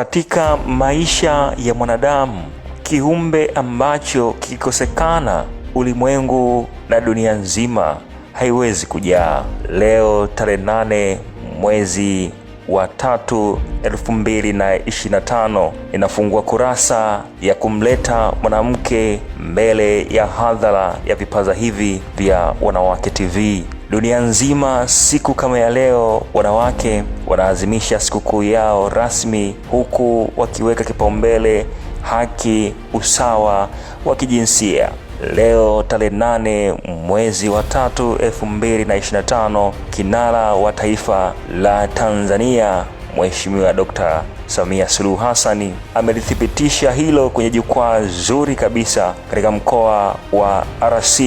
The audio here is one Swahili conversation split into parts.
Katika maisha ya mwanadamu, kiumbe ambacho kikikosekana ulimwengu na dunia nzima haiwezi kujaa. Leo tarehe nane mwezi wa tatu tano inafungua kurasa ya kumleta mwanamke mbele ya hadhara ya vipaza hivi vya Wanawake TV. Dunia nzima siku kama ya leo, wanawake wanaadhimisha sikukuu yao rasmi, huku wakiweka kipaumbele haki, usawa wa kijinsia. Leo tarehe nane mwezi wa tatu elfu mbili na ishirini na tano, kinara wa taifa la Tanzania Mheshimiwa Dr. Samia Suluhu Hassan amelithibitisha hilo kwenye jukwaa zuri kabisa katika mkoa wa RC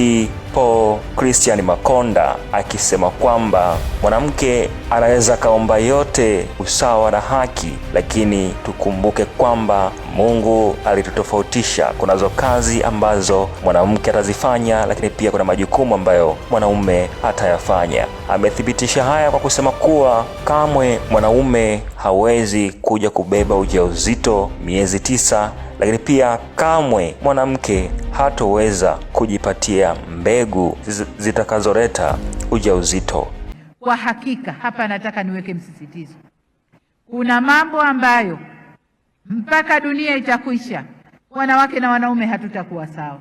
Paul Christian Makonda akisema kwamba mwanamke anaweza kaomba yote usawa na haki, lakini tukumbuke kwamba Mungu alitutofautisha. Kunazo kazi ambazo mwanamke atazifanya, lakini pia kuna majukumu ambayo mwanaume atayafanya. Amethibitisha haya kwa kusema kuwa kamwe mwanaume hawezi kuja kubeba ujauzito miezi tisa lakini pia kamwe mwanamke hatoweza kujipatia mbegu zitakazoleta ujauzito. Kwa hakika, hapa nataka niweke msisitizo, kuna mambo ambayo mpaka dunia itakwisha, wanawake na wanaume hatutakuwa sawa.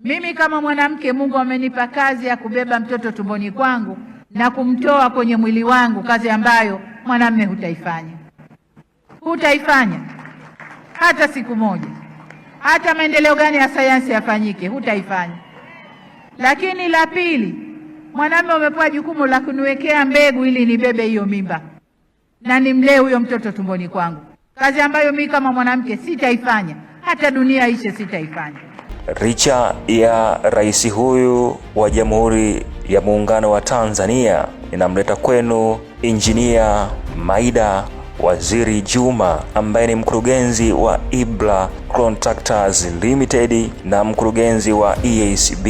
Mimi kama mwanamke, Mungu amenipa kazi ya kubeba mtoto tumboni kwangu na kumtoa kwenye mwili wangu, kazi ambayo mwanamme hutaifanya, hutaifanya hata siku moja. Hata maendeleo gani ya sayansi yafanyike, hutaifanya. Lakini la pili, mwanamume umepewa jukumu la kuniwekea mbegu ili nibebe hiyo mimba na nimlee huyo mtoto tumboni kwangu, kazi ambayo mimi kama mwanamke sitaifanya, hata dunia ishe, sitaifanya. richa ya rais huyu wa Jamhuri ya Muungano wa Tanzania, ninamleta kwenu Injinia Maida Waziri Juma ambaye ni mkurugenzi wa Ibra Contractors Limited na mkurugenzi wa EACB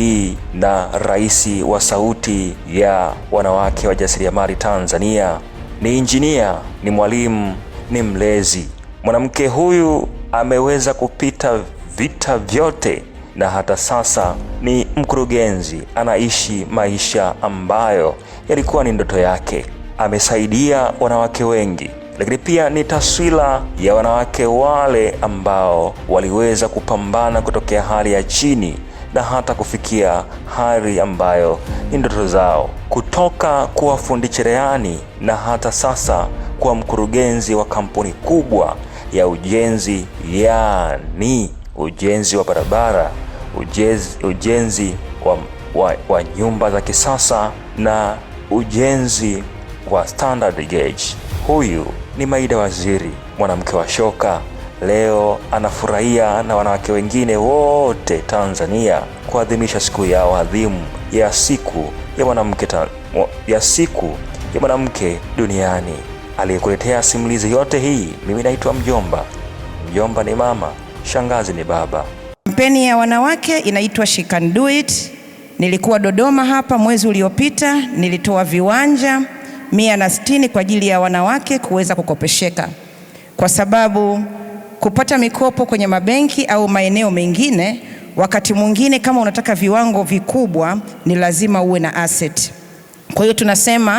na rais wa Sauti ya Wanawake Wajasiriamali Tanzania. Ni injinia, ni mwalimu, ni mlezi. Mwanamke huyu ameweza kupita vita vyote na hata sasa ni mkurugenzi, anaishi maisha ambayo yalikuwa ni ndoto yake. Amesaidia wanawake wengi lakini pia ni taswira ya wanawake wale ambao waliweza kupambana kutokea hali ya chini na hata kufikia hali ambayo ni ndoto zao, kutoka kuwa fundi cherehani na hata sasa kuwa mkurugenzi wa kampuni kubwa ya ujenzi, yaani ujenzi wa barabara, ujenzi, ujenzi wa, wa, wa nyumba za kisasa na ujenzi wa standard gauge. Huyu ni Maida Waziri, mwanamke wa shoka. Leo anafurahia na wanawake wengine wote Tanzania kuadhimisha siku yao adhimu ya siku ya mwanamke ta... ya siku ya mwanamke duniani. Aliyekuletea simulizi yote hii mimi naitwa Mjomba. Mjomba ni mama, shangazi ni baba. Kampeni ya wanawake inaitwa She Can Do It. Nilikuwa Dodoma hapa mwezi uliopita, nilitoa viwanja mia na sitini kwa ajili ya wanawake kuweza kukopesheka, kwa sababu kupata mikopo kwenye mabenki au maeneo mengine, wakati mwingine kama unataka viwango vikubwa, ni lazima uwe na asset. Kwa hiyo tunasema